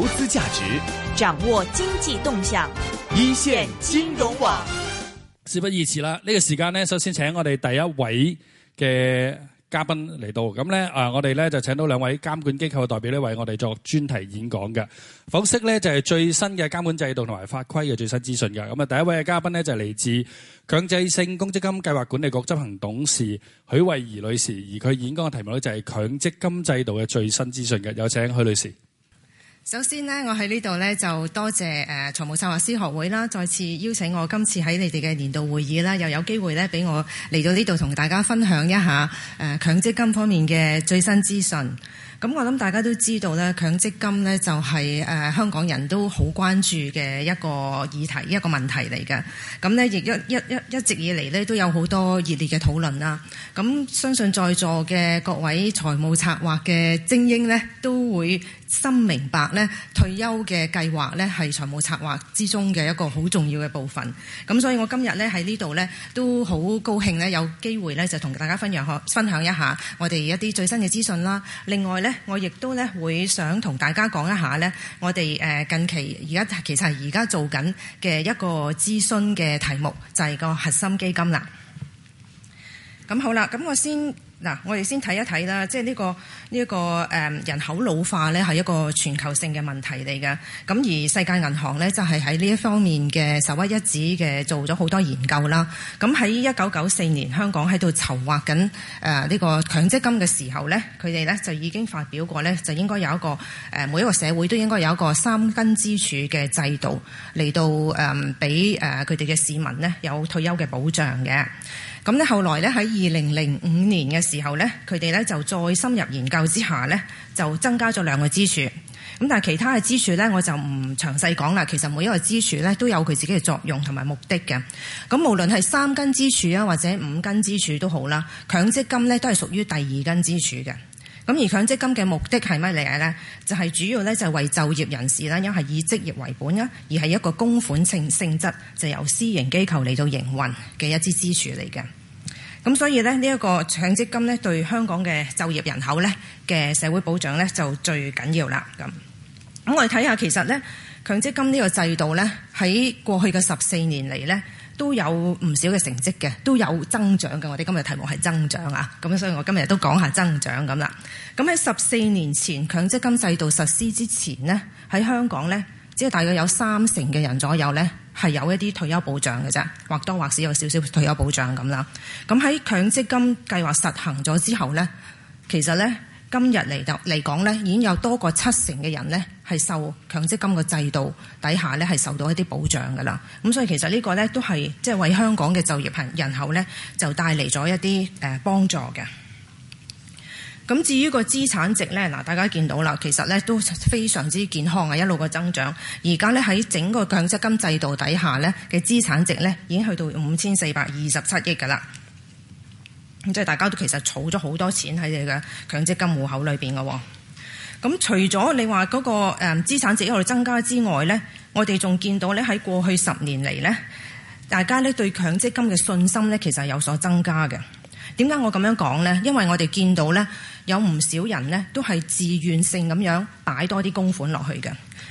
投資價值，掌握經濟動向，一線金融網。事不宜遲啦，呢個時間咧，首先請我哋第一位嘅嘉賓嚟到，咁呢，啊，我哋呢就請到兩位監管機構嘅代表咧，為我哋作專題演講嘅。否則呢，就係最新嘅監管制度同埋法規嘅最新資訊嘅。咁啊，第一位嘅嘉賓呢，就係嚟自強制性公積金計劃管理局執行董事許慧儀女士，而佢演講嘅題目呢，就係強積金制度嘅最新資訊嘅。有請許女士。首先呢，我喺呢度呢，就多謝誒財務策劃師學會啦，再次邀請我今次喺你哋嘅年度會議啦，又有機會呢，俾我嚟到呢度同大家分享一下誒強積金方面嘅最新資訊。咁我諗大家都知道呢，強積金呢，就係誒香港人都好關注嘅一個議題，一個問題嚟嘅。咁呢，亦一一一一直以嚟呢，都有好多熱烈嘅討論啦。咁相信在座嘅各位財務策劃嘅精英呢，都會。深明白呢，退休嘅計劃呢，係財務策劃之中嘅一個好重要嘅部分。咁所以我今日呢，喺呢度呢，都好高興呢，有機會呢，就同大家分享分享一下我哋一啲最新嘅資訊啦。另外呢，我亦都呢，會想同大家講一下呢，我哋誒近期而家其實係而家做緊嘅一個諮詢嘅題目，就係個核心基金啦。咁好啦，咁我先。嗱，我哋先睇一睇啦，即係呢個呢個誒人口老化咧係一個全球性嘅問題嚟嘅。咁而世界銀行咧就係喺呢一方面嘅首屈一指嘅做咗好多研究啦。咁喺一九九四年香港喺度籌劃緊誒呢個強積金嘅時候咧，佢哋咧就已經發表過咧，就應該有一個誒每一個社會都應該有一個三根支柱嘅制度嚟到誒俾誒佢哋嘅市民呢，有退休嘅保障嘅。咁咧，後來咧喺二零零五年嘅時候咧，佢哋咧就再深入研究之下咧，就增加咗兩個支柱。咁但係其他嘅支柱咧，我就唔詳細講啦。其實每一個支柱咧都有佢自己嘅作用同埋目的嘅。咁無論係三根支柱啊，或者五根支柱都好啦，強積金咧都係屬於第二根支柱嘅。咁而強積金嘅目的係乜嚟嘅咧？就係、是、主要咧就係為就業人士啦，因係以職業為本啊，而係一個供款性性質，就是、由私營機構嚟到營運嘅一支支柱嚟嘅。咁所以呢，呢一個強積金咧，對香港嘅就業人口咧嘅社會保障咧，就最緊要啦。咁咁我哋睇下，其實咧強積金呢個制度咧，喺過去嘅十四年嚟咧，都有唔少嘅成績嘅，都有增長嘅。我哋今日題目係增長啊，咁所以我今日都講下增長咁啦。咁喺十四年前強積金制度實施之前咧，喺香港咧，只係大約有三成嘅人左右咧。係有一啲退休保障嘅啫，或多或少有少少退休保障咁啦。咁喺強積金計劃實行咗之後呢，其實呢，今日嚟嚟講呢，已經有多過七成嘅人呢，係受強積金嘅制度底下呢，係受到一啲保障㗎啦。咁所以其實呢個呢都係即係為香港嘅就業貧人口呢，就帶嚟咗一啲誒幫助嘅。咁至於個資產值咧，嗱大家見到啦，其實咧都非常之健康啊，一路個增長。而家咧喺整個強積金制度底下咧嘅資產值咧，已經去到五千四百二十七億噶啦。咁即係大家都其實儲咗好多錢喺你嘅強積金戶口裏面嘅喎。咁除咗你話嗰個誒資產值一路增加之外咧，我哋仲見到咧喺過去十年嚟咧，大家咧對強積金嘅信心咧其實有所增加嘅。點解我咁樣講咧？因為我哋見到咧。有唔少人咧，都係自願性咁樣擺多啲供款落去嘅。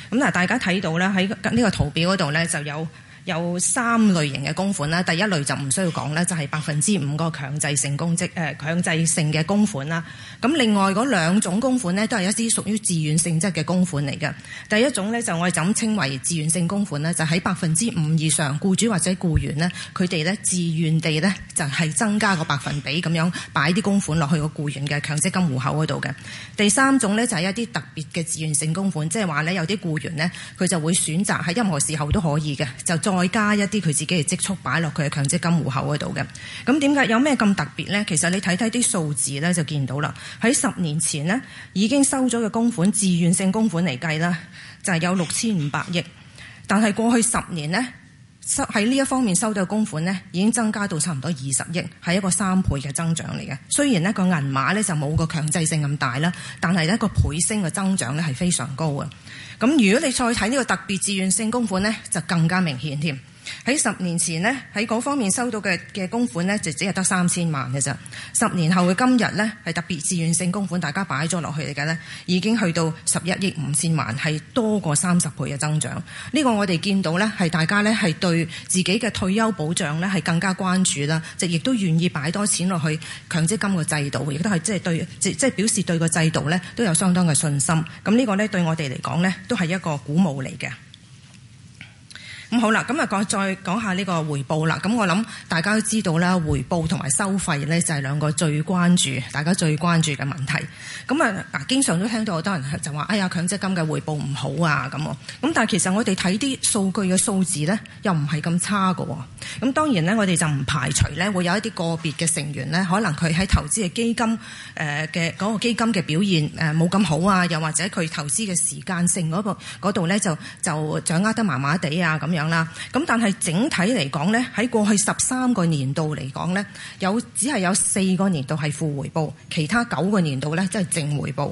咁嗱，大家睇到咧，喺呢個圖表嗰度咧就有。有三類型嘅供款啦，第一類就唔需要講啦，就係百分之五個強制性公積、呃、強制性嘅供款啦。咁另外嗰兩種供款呢，都係一啲屬於自願性質嘅供款嚟嘅。第一種呢，就我哋就咁稱為自願性供款呢，就喺百分之五以上，雇主或者雇員呢，佢哋呢，自願地呢，就係增加個百分比咁樣擺啲供款落去個雇員嘅強積金戶口嗰度嘅。第三種呢，就係一啲特別嘅自願性供款，即係話呢，有啲雇員呢，佢就會選擇喺任何時候都可以嘅，就再加一啲佢自己嘅積蓄擺落佢嘅強積金戶口嗰度嘅，咁點解有咩咁特別呢？其實你睇睇啲數字咧就見到啦。喺十年前呢，已經收咗嘅供款、自願性供款嚟計啦，就係有六千五百億，但係過去十年呢，收喺呢一方面收到嘅供款呢，已經增加到差唔多二十億，係一個三倍嘅增長嚟嘅。雖然呢個銀碼就冇個強制性咁大啦，但係呢個倍升嘅增長呢係非常高嘅。咁如果你再睇呢個特別自願性供款呢，就更加明顯添。喺十年前呢，喺嗰方面收到嘅嘅公款呢，就只係得三千萬嘅咋。十年後嘅今日呢，係特別自願性公款，大家擺咗落去嚟嘅呢，已經去到十一億五千萬，係多過三十倍嘅增長。呢、呢個我哋見到呢，係大家呢，係對自己嘅退休保障呢，係更加關注啦，即係亦都願意擺多錢落去強積金嘅制度，亦都係即係對即係表示對個制度呢，都有相當嘅信心。咁、這、呢個呢，對我哋嚟講呢，都係一個鼓舞嚟嘅。咁好啦，咁啊，再講下呢個回報啦。咁我諗大家都知道啦，回報同埋收費咧就係兩個最關注、大家最關注嘅問題。咁啊，經常都聽到好多人就話，哎呀，強積金嘅回報唔好啊，咁喎。咁但係其實我哋睇啲數據嘅數字咧，又唔係咁差喎。咁當然咧，我哋就唔排除咧，會有一啲個別嘅成員咧，可能佢喺投資嘅基金，嘅、呃、嗰、嗰個基金嘅表現冇咁好啊，又或者佢投資嘅時間性嗰度咧，就就掌握得麻麻地啊咁咁但係整體嚟講，呢喺，過去十三個年度嚟講呢，有只係有四個年度係負回報，其他九個年度呢，即係正回報。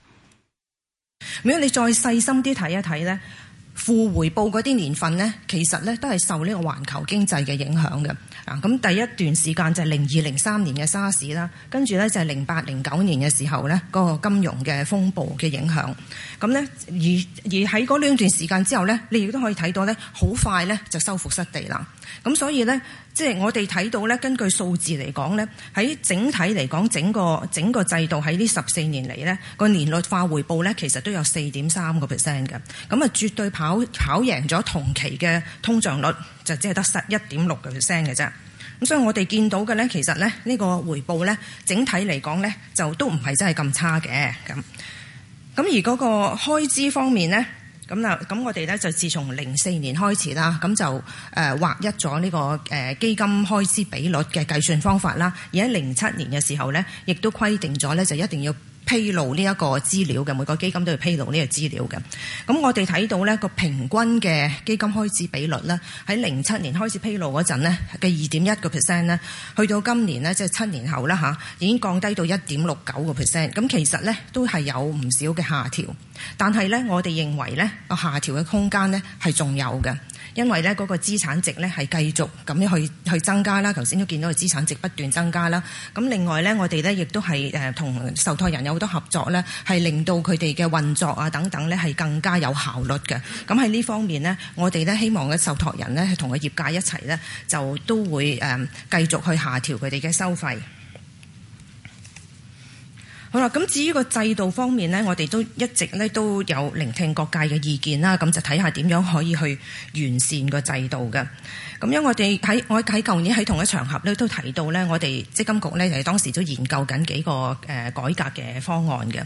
如果你再細心啲睇一睇呢，負回報嗰啲年份呢，其實呢都係受呢個環球經濟嘅影響嘅。啊，咁第一段時間就係零二零三年嘅沙士啦，跟住呢就係零八零九年嘅時候呢，嗰個金融嘅風暴嘅影響。咁呢，而而喺嗰兩段時間之後呢，你亦都可以睇到呢，好快呢就收復失地啦。咁所以呢，即係我哋睇到呢，根據數字嚟講呢，喺整體嚟講，整個整個制度喺呢十四年嚟呢個年率化回報呢，其實都有四點三個 percent 嘅，咁啊絕對跑跑贏咗同期嘅通脹率，就只係得十一點六個 percent 嘅啫。咁所以我哋見到嘅呢，其實呢呢個回報呢，整體嚟講呢，就都唔係真係咁差嘅咁。咁而嗰個開支方面呢。咁咁我哋呢，就自從零四年開始啦，咁就誒、呃、劃一咗呢、呢個誒、呃、基金開支比率嘅計算方法啦。而喺零七年嘅時候呢，亦都規定咗呢，就一定要披露呢一個資料嘅，每個基金都要披露呢個資料嘅，咁我哋睇到呢個平均嘅基金開支比率呢，喺零七年開始披露嗰陣咧嘅二點一個 percent 呢，去到今年呢，即係七年後啦嚇，已經降低到一點六九個 percent，咁其實呢都係有唔少嘅下調，但係呢我哋認為呢個下調嘅空間呢係仲有嘅。因為呢嗰個資產值呢係繼續咁樣去去增加啦，頭先都見到個資產值不斷增加啦。咁另外呢，我哋呢亦都係同受託人有好多合作呢，係令到佢哋嘅運作啊等等呢係更加有效率嘅。咁喺呢方面呢，我哋呢希望嘅受託人呢係同個業界一齊呢，就都會誒繼續去下調佢哋嘅收費。好啦，咁至於個制度方面咧，我哋都一直咧都有聆聽各界嘅意見啦，咁就睇下點樣可以去完善個制度嘅。咁樣我哋喺我喺舊年喺同一場合咧都提到咧，我哋積金局咧就係當時都研究緊幾個誒、呃、改革嘅方案嘅。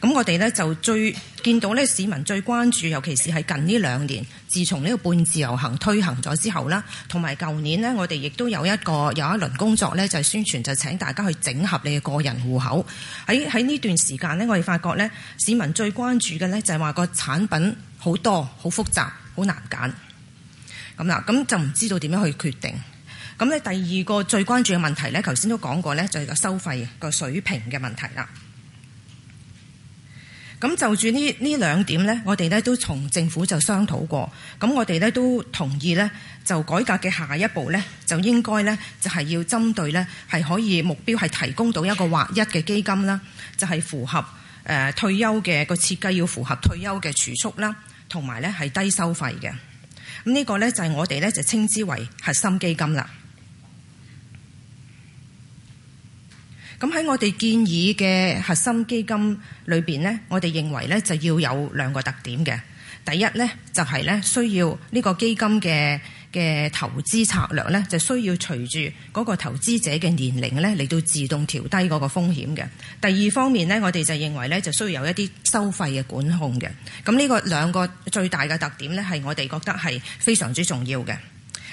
咁我哋咧就最見到咧市民最關注，尤其是係近呢兩年，自從呢個半自由行推行咗之後啦，同埋舊年呢，我哋亦都有一個有一輪工作咧，就係宣傳，就請大家去整合你嘅個人戶口。喺喺呢段時間咧，我哋發覺咧，市民最關注嘅咧就係話個產品好多、好複雜、好難揀。咁啦，咁就唔知道點樣去決定。咁咧，第二個最關注嘅問題呢，頭先都講過呢，就係、是、個收費個水平嘅問題啦。咁就住呢呢兩點呢，我哋呢都從政府就商討過。咁我哋呢都同意呢，就改革嘅下一步呢，就應該呢，就係要針對呢係可以目標係提供到一個劃一嘅基金啦，就係、是、符合誒退休嘅個設計要符合退休嘅儲蓄啦，同埋呢係低收費嘅。呢個呢就係我哋呢就稱之為核心基金啦。咁喺我哋建議嘅核心基金裏邊呢，我哋認為呢就要有兩個特點嘅。第一呢，就係呢需要呢個基金嘅。嘅投資策略呢，就需要隨住嗰個投資者嘅年齡呢，嚟到自動調低嗰個風險嘅。第二方面呢，我哋就認為呢，就需要有一啲收費嘅管控嘅。咁呢個兩個最大嘅特點呢，係我哋覺得係非常之重要嘅。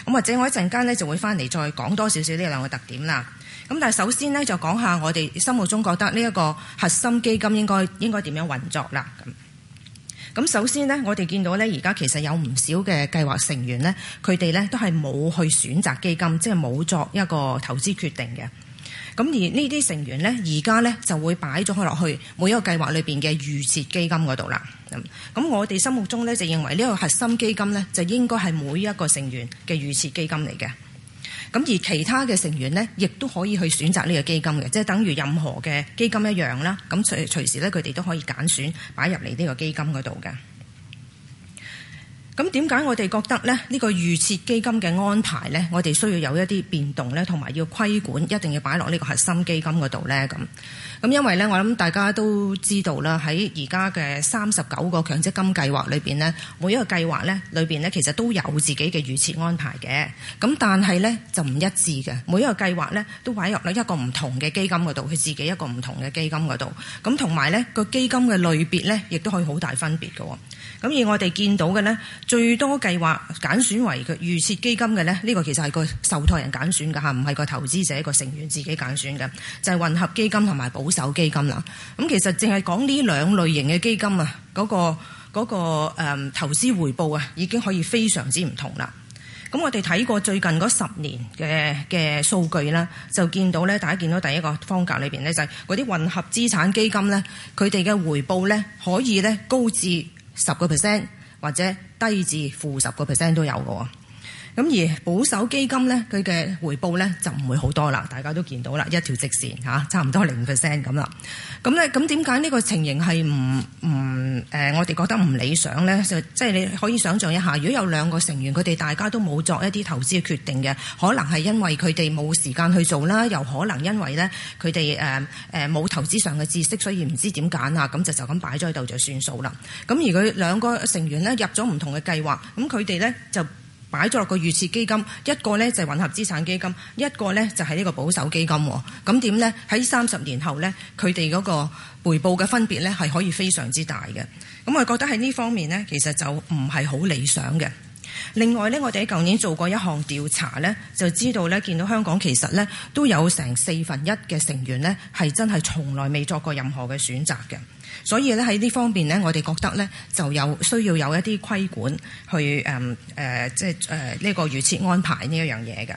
咁或者我一陣間呢，就會翻嚟再講多少少呢兩個特點啦。咁但係首先呢，就講下我哋心目中覺得呢一個核心基金應該應該點樣運作啦。咁首先呢，我哋見到呢，而家其實有唔少嘅計劃成員呢，佢哋呢都係冇去選擇基金，即係冇作一個投資決定嘅。咁而呢啲成員呢，而家呢就會擺咗佢落去每一個計劃裏面嘅預設基金嗰度啦。咁，我哋心目中呢，就認為呢個核心基金呢，就應該係每一個成員嘅預設基金嚟嘅。咁而其他嘅成員呢，亦都可以去選擇呢個基金嘅，即係等於任何嘅基金一樣啦。咁隨時呢，佢哋都可以揀選擺入嚟呢個基金嗰度嘅。咁點解我哋覺得呢呢個預設基金嘅安排呢？我哋需要有一啲變動呢，同埋要規管，一定要擺落呢個核心基金嗰度呢。咁。咁因為呢，我諗大家都知道啦，喺而家嘅三十九個強積金計劃裏面呢，每一個計劃呢裏面呢，其實都有自己嘅預設安排嘅。咁但係呢，就唔一致嘅，每一個計劃呢，都擺入咗一個唔同嘅基金嗰度，佢自己一個唔同嘅基金嗰度。咁同埋呢個基金嘅類別呢，亦都可以好大分別㗎喎。咁而我哋見到嘅呢。最多計劃揀選，選為佢預設基金嘅咧，呢、這個其實係個受託人揀選嘅嚇，唔係個投資者個成員自己揀選嘅，就係、是、混合基金同埋保守基金啦。咁其實淨係講呢兩類型嘅基金啊，嗰、那個嗰、那個嗯、投資回報啊，已經可以非常之唔同啦。咁我哋睇過最近嗰十年嘅嘅數據啦，就見到咧，大家見到第一個方格裏邊咧，就係嗰啲混合資產基金咧，佢哋嘅回報咧可以咧高至十個 percent。或者低至負十個 percent 都有嘅喎。咁而保守基金呢，佢嘅回報呢就唔會好多啦。大家都見到啦，一條直線吓，差唔多零 percent 咁啦。咁呢，咁點解呢個情形係唔唔誒？我哋覺得唔理想呢，就即係、就是、你可以想象一下，如果有兩個成員，佢哋大家都冇作一啲投資嘅決定嘅，可能係因為佢哋冇時間去做啦，又可能因為呢，佢哋誒誒冇投資上嘅知識，所以唔知點揀啊，咁就就咁擺咗喺度就算數啦。咁而佢兩個成員呢，入咗唔同嘅計劃，咁佢哋呢就。買咗落個預設基金，一個呢就係混合資產基金，一個呢就係呢個保守基金。咁點呢？喺三十年後呢，佢哋嗰個回報嘅分別呢係可以非常之大嘅。咁我覺得喺呢方面呢，其實就唔係好理想嘅。另外呢，我哋喺舊年做過一項調查呢，就知道呢，見到香港其實呢都有成四分一嘅成員呢，係真係從來未作過任何嘅選擇嘅。所以咧喺呢方面咧，我哋覺得咧就有需要有一啲規管去誒誒，即係誒呢個預設安排呢一樣嘢嘅。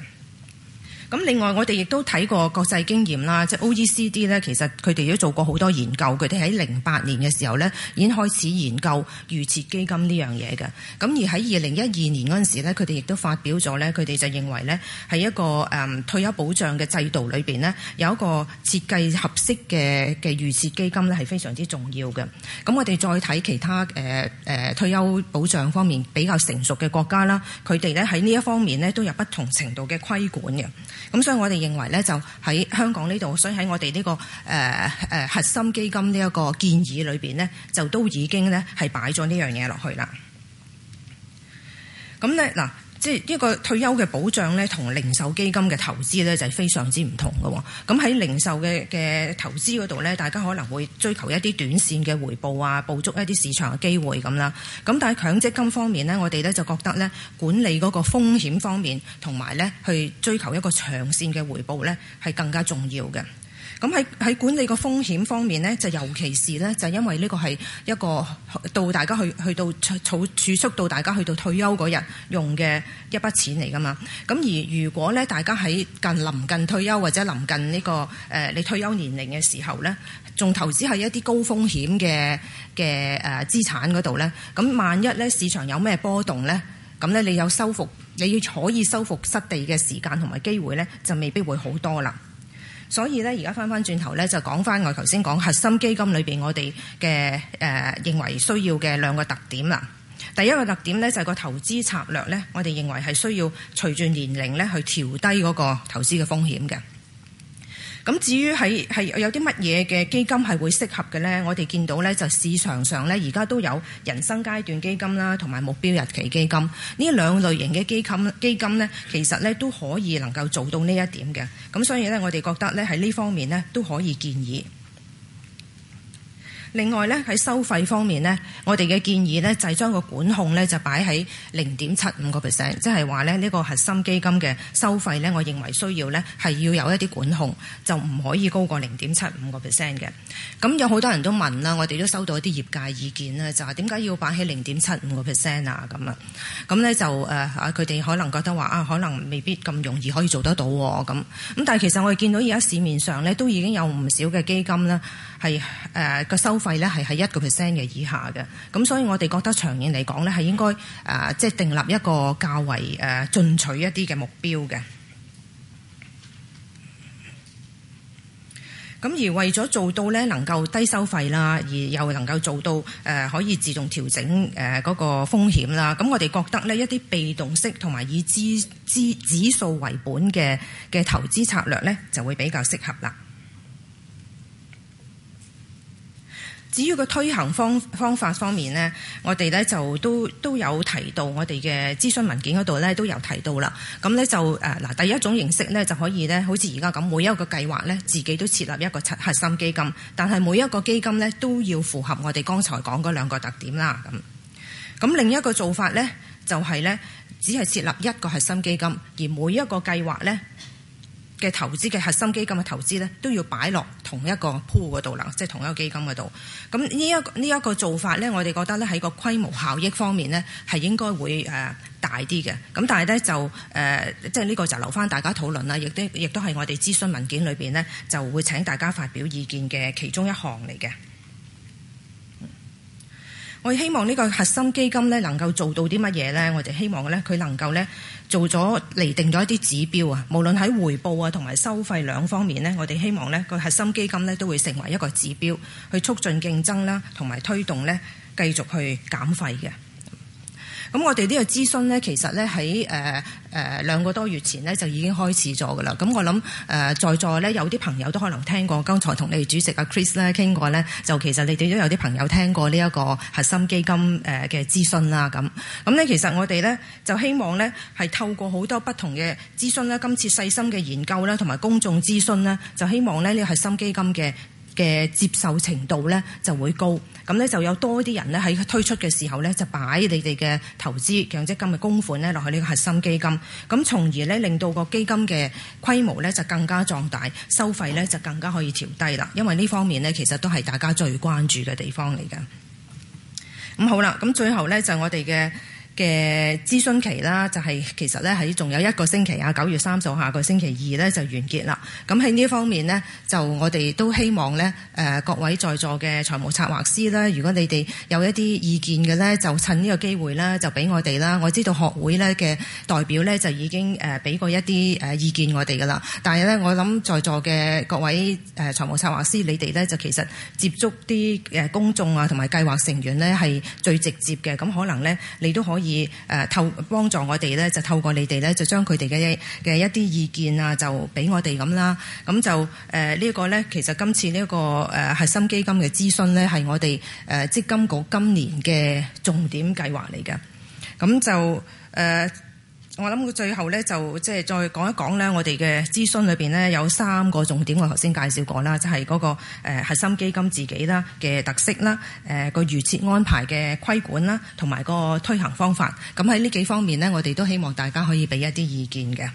咁另外我哋亦都睇過國際經驗啦，即係 O E C D 咧，其實佢哋都做過好多研究，佢哋喺零八年嘅時候咧已經開始研究預設基金呢樣嘢嘅。咁而喺二零一二年嗰陣時咧，佢哋亦都發表咗咧，佢哋就認為咧係一個誒退休保障嘅制度裏面呢，有一個設計合適嘅嘅預設基金咧係非常之重要嘅。咁我哋再睇其他誒退休保障方面比較成熟嘅國家啦，佢哋咧喺呢一方面呢，都有不同程度嘅規管嘅。咁所以我哋認為呢，就喺香港呢度，所以喺我哋呢、呢個、呃呃、核心基金呢一個建議裏面呢，就都已經呢係擺咗呢樣嘢落去啦。咁呢嗱。即係一個退休嘅保障咧，同零售基金嘅投資咧就係非常之唔同嘅喎。咁喺零售嘅嘅投資嗰度咧，大家可能會追求一啲短線嘅回報啊，捕捉一啲市場嘅機會咁啦。咁但係強積金方面咧，我哋咧就覺得咧管理嗰個風險方面，同埋咧去追求一個長線嘅回報咧，係更加重要嘅。咁喺喺管理個風險方面呢，就尤其是呢，就因為呢個係一個到大家去去到儲蓄到大家去到退休嗰日用嘅一筆錢嚟噶嘛。咁而如果呢，大家喺近臨近退休或者臨近呢、呢個誒、呃、你退休年齡嘅時候呢，仲投資喺一啲高風險嘅嘅誒資產嗰度呢，咁萬一呢，市場有咩波動呢？咁呢，你有收復你要可以收復失地嘅時間同埋機會呢，就未必會好多啦。所以呢，而家翻翻轉頭呢，就講翻我頭先講核心基金裏面我哋嘅誒認為需要嘅兩個特點啦。第一個特點呢，就係個投資策略呢，我哋認為係需要隨住年齡咧去調低嗰個投資嘅風險嘅。咁至於係係有啲乜嘢嘅基金係會適合嘅咧，我哋見到咧就市場上咧而家都有人生階段基金啦，同埋目標日期基金呢兩類型嘅基金基金咧，其實咧都可以能夠做到呢一點嘅。咁所以咧，我哋覺得咧喺呢方面咧都可以建議。另外咧喺收費方面呢，我哋嘅建議呢就係將個管控呢就擺喺零點七五個 percent，即係話呢呢個核心基金嘅收費呢我認為需要呢係要有一啲管控，就唔可以高過零點七五個 percent 嘅。咁有好多人都問啦，我哋都收到一啲業界意見啦，就係點解要擺喺零點七五個 percent 啊？咁啊，咁呢就誒佢哋可能覺得話啊，可能未必咁容易可以做得到喎咁。咁但係其實我哋見到而家市面上呢都已經有唔少嘅基金呢係誒個收。費咧係喺一個 percent 嘅以下嘅，咁所以我哋覺得長遠嚟講呢係應該誒，即係訂立一個較為誒進取一啲嘅目標嘅。咁而為咗做到呢，能夠低收費啦，而又能夠做到誒可以自動調整誒嗰個風險啦，咁我哋覺得呢一啲被動式同埋以資資指數為本嘅嘅投資策略呢，就會比較適合啦。至於個推行方方法方面呢，我哋咧就都都有提到，我哋嘅諮詢文件嗰度咧都有提到啦。咁咧就誒嗱，第一種形式咧就可以咧，好似而家咁，每一個計劃咧自己都設立一個核心基金，但係每一個基金咧都要符合我哋剛才講嗰兩個特點啦。咁咁另一個做法咧就係咧，只係設立一個核心基金，而每一個計劃咧，嘅投資嘅核心基金嘅投資咧，都要擺落同一個 pool 嗰度啦，即係同一個基金嗰度。咁呢一呢一個做法咧，我哋覺得咧喺個規模效益方面咧，係應該會誒、呃、大啲嘅。咁但係咧就誒，即係呢個就留翻大家討論啦。亦都亦都係我哋諮詢文件裏邊咧，就會請大家發表意見嘅其中一項嚟嘅。我希望呢個核心基金呢能夠做到啲乜嘢呢？我哋希望呢佢能夠呢做咗釐定咗一啲指標啊，無論喺回報啊同埋收費兩方面呢，我哋希望呢個核心基金呢都會成為一個指標，去促進競爭啦，同埋推動呢繼續去減費嘅。咁我哋呢個諮詢呢，其實呢喺誒誒兩個多月前呢，就已經開始咗噶啦。咁我諗誒在座呢，有啲朋友都可能聽過，剛才同你哋主席阿 Chris 呢傾過呢，就其實你哋都有啲朋友聽過呢一個核心基金嘅諮詢啦。咁咁呢，其實我哋呢，就希望呢係透過好多不同嘅諮詢啦，今次細心嘅研究啦，同埋公眾諮詢啦，就希望呢個核心基金嘅。嘅接受程度呢就會高，咁呢，就有多啲人呢喺推出嘅時候呢，就擺你哋嘅投資強積金嘅供款呢落去呢個核心基金，咁從而呢，令到個基金嘅規模呢就更加壯大，收費呢就更加可以調低啦，因為呢方面呢，其實都係大家最關注嘅地方嚟嘅。咁好啦，咁最後呢，就我哋嘅。嘅諮詢期啦，就係其實咧喺仲有一個星期啊，九月三十號，下個星期二咧就完結啦。咁喺呢方面呢，就我哋都希望呢，誒各位在座嘅財務策劃師呢，如果你哋有一啲意見嘅呢，就趁呢個機會呢，就俾我哋啦。我知道學會呢嘅代表呢，就已經誒俾過一啲誒意見我哋噶啦，但係呢，我諗在座嘅各位誒財務策劃師，你哋呢，就其實接觸啲誒公眾啊同埋計劃成員呢，係最直接嘅，咁可能呢，你都可以。以誒透幫助我哋咧，就透過你哋咧，就將佢哋嘅嘅一啲意見啊，就俾我哋咁啦。咁就誒、呃這個、呢個咧，其實今次呢、這、一個誒、呃、核心基金嘅諮詢咧，係我哋誒積金局今年嘅重點計劃嚟嘅。咁就誒。呃我諗最後咧，就即係再講一講咧，我哋嘅諮詢裏面呢，有三個重點，我頭先介紹過啦，即係嗰個核心基金自己啦嘅特色啦，誒個預設安排嘅規管啦，同埋個推行方法。咁喺呢幾方面呢，我哋都希望大家可以俾一啲意見嘅。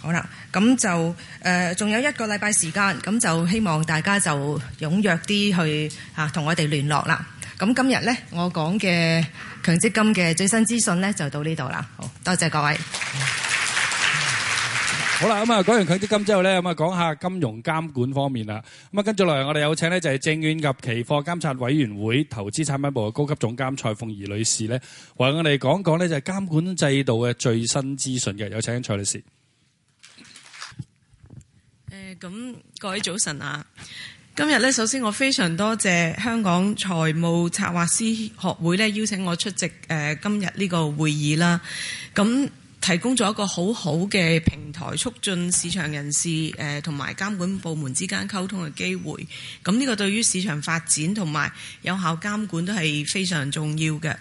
好啦，咁就誒仲、呃、有一個禮拜時間，咁就希望大家就踴躍啲去吓同我哋聯絡啦。咁今日呢，我講嘅強積金嘅最新資訊呢，就到呢度啦。好多謝各位。好啦，咁啊講完強積金之後呢，咁啊講下金融監管方面啦。咁啊跟住落嚟，我哋有請呢，就係證券及期貨監察委員會投資產品部嘅高級總監蔡鳳儀女士呢，為我哋講講呢，就係監管制度嘅最新資訊嘅。有請蔡女士。誒、呃，咁各位早晨啊！今日咧，首先我非常多謝香港財務策劃師學會咧邀請我出席誒，今日呢個會議啦。咁提供咗一個好好嘅平台，促進市場人士誒，同埋監管部門之間溝通嘅機會。咁呢個對於市場發展同埋有效監管都係非常重要嘅。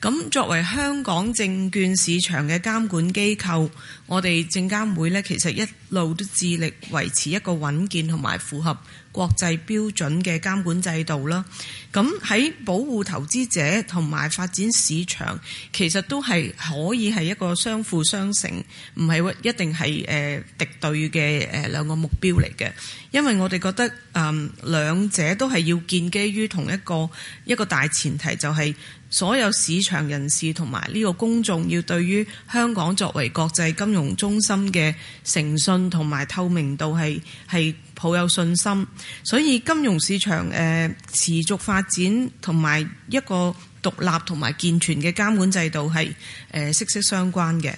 咁作為香港證券市場嘅監管機構，我哋證監會咧其實一路都致力維持一個穩健同埋符合國際標準嘅監管制度啦。咁喺保護投資者同埋發展市場，其實都係可以係一個相輔相成，唔係一定係誒敵對嘅誒兩個目標嚟嘅。因為我哋覺得誒、嗯、兩者都係要建基於同一個一個大前提、就係，就係。所有市場人士同埋呢個公眾要對於香港作為國際金融中心嘅誠信同埋透明度係係抱有信心，所以金融市場誒、呃、持續發展同埋一個獨立同埋健全嘅監管制度係誒、呃、息息相關嘅。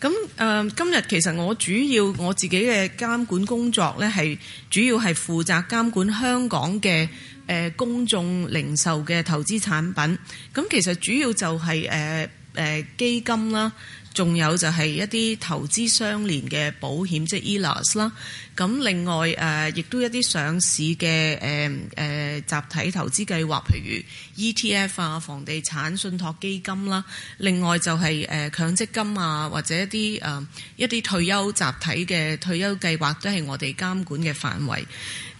咁、呃、今日其實我主要我自己嘅監管工作呢係主要係負責監管香港嘅。誒公眾零售嘅投資產品，咁其實主要就係誒誒基金啦，仲有就係一啲投資相連嘅保險，即係 ILAS 啦。咁另外誒，亦都一啲上市嘅誒誒集體投資計劃，譬如 ETF 啊、房地產信託基金啦。另外就係誒強積金啊，或者一啲誒一啲退休集體嘅退休計劃，都係我哋監管嘅範圍。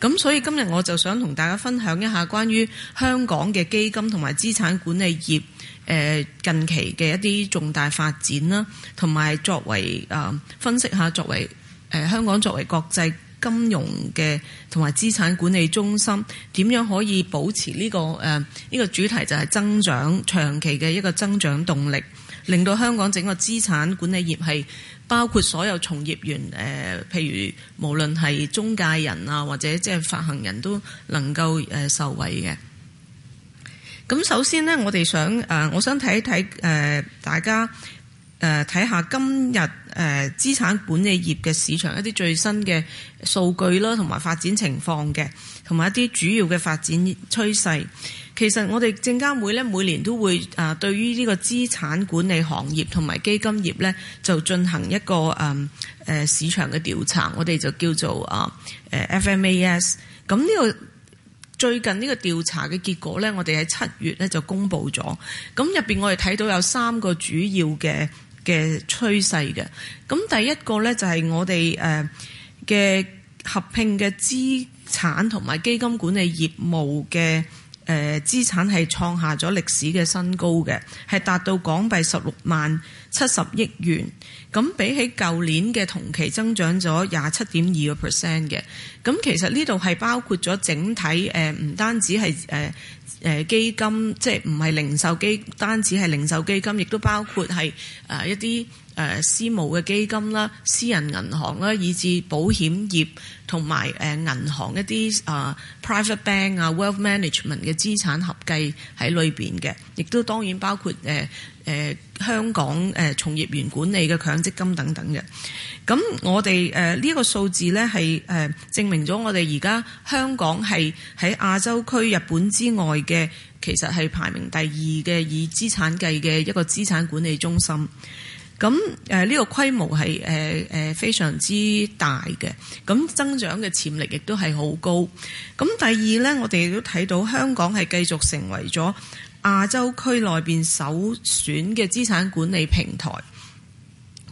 咁所以今日我就想同大家分享一下關於香港嘅基金同埋資產管理業誒近期嘅一啲重大發展啦，同埋作為誒分析下作為誒香港作為國際金融嘅同埋資產管理中心，點樣可以保持呢個誒呢個主題就係增長長期嘅一個增長動力。令到香港整個資產管理業係包括所有從業員誒、呃，譬如無論係中介人啊，或者即係發行人都能夠誒、呃、受惠嘅。咁首先呢，我哋想誒、呃，我想睇一睇誒大家誒睇下今日誒、呃、資產管理業嘅市場一啲最新嘅數據啦，同埋發展情況嘅，同埋一啲主要嘅發展趨勢。其實我哋證監會咧每年都會啊，對於呢個資產管理行業同埋基金業咧，就進行一個誒誒、嗯呃、市場嘅調查。我哋就叫做啊誒、呃、FMAS 咁呢、呢個最近呢個調查嘅結果咧，我哋喺七月咧就公布咗。咁入邊我哋睇到有三個主要嘅嘅趨勢嘅。咁第一個咧就係、係、我哋誒嘅合併嘅資產同埋基金管理業務嘅。誒，資、呃、產係創下咗歷史嘅新高嘅，係達到港幣十六萬七十億元。咁比起舊年嘅同期增長咗廿七點二個 percent 嘅，咁其實呢度係包括咗整體，誒、呃，唔單止係誒。呃誒基金，即係唔係零售基，單止係零售基金，亦都包括係誒一啲誒私募嘅基金啦、私人銀行啦，以至保險業同埋誒銀行一啲啊 private bank 啊、wealth management 嘅資產合計喺裏邊嘅，亦都當然包括誒。誒、呃，香港誒，從、呃、業員管理嘅強積金等等嘅，咁我哋誒呢個數字呢，係誒、呃、證明咗我哋而家香港係喺亞洲區日本之外嘅，其實係排名第二嘅以資產計嘅一個資產管理中心。咁誒呢個規模係誒誒非常之大嘅，咁增長嘅潛力亦都係好高。咁第二呢，我哋都睇到香港係繼續成為咗。亞洲區內邊首選嘅資產管理平台，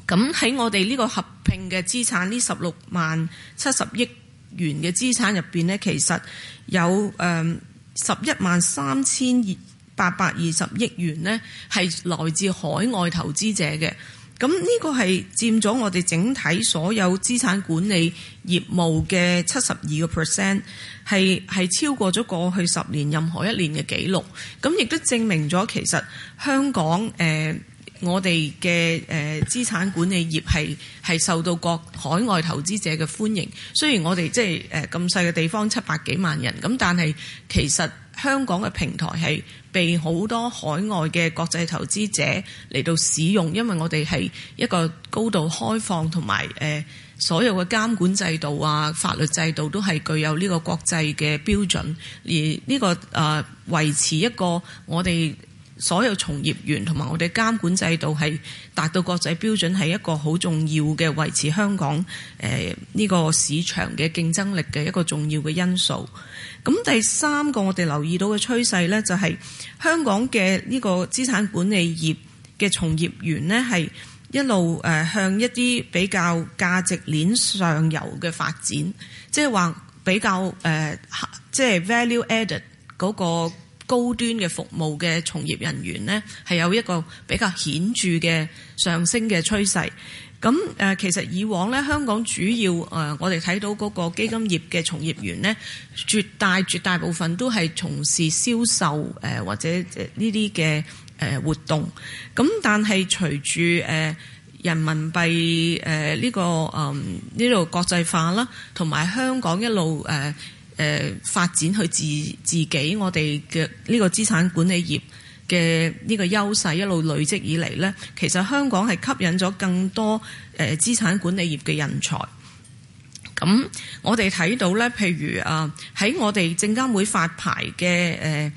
咁喺我哋呢個合併嘅資產呢十六萬七十億元嘅資產入邊呢，其實有誒十一萬三千八百二十億元呢，係來自海外投資者嘅。咁呢個係佔咗我哋整體所有資產管理業務嘅七十二個 percent，係係超過咗過去十年任何一年嘅紀錄。咁亦都證明咗其實香港誒、呃、我哋嘅誒資產管理業係係受到各海外投資者嘅歡迎。雖然我哋即係咁細嘅地方七百幾萬人，咁但係其實香港嘅平台係，被好多海外嘅國際投資者嚟到使用，因為我哋係一個高度開放同埋誒，所有嘅監管制度啊、法律制度都係具有呢個國際嘅標準，而呢個誒維持一個我哋。所有從業員同埋我哋監管制度係達到國際標準係一個好重要嘅維持香港誒呢個市場嘅競爭力嘅一個重要嘅因素。咁第三個我哋留意到嘅趨勢呢，就係香港嘅呢個資產管理業嘅從業員呢，係一路誒向一啲比較價值鏈上游嘅發展，即係話比較誒即係 value added 嗰個。高端嘅服務嘅從業人員呢，係有一個比較顯著嘅上升嘅趨勢。咁誒，其實以往呢，香港主要誒，我哋睇到嗰個基金業嘅從業員呢，絕大絕大部分都係從事銷售誒或者呢啲嘅誒活動。咁但係隨住誒人民幣誒呢個誒呢度國際化啦，同埋香港一路誒。誒、呃、發展去自自己，我哋嘅呢個資產管理業嘅呢個優勢一路累積以嚟呢，其實香港係吸引咗更多誒、呃、資產管理業嘅人才。咁樣我哋睇到呢，譬如啊，喺我哋證監會發牌嘅、呃、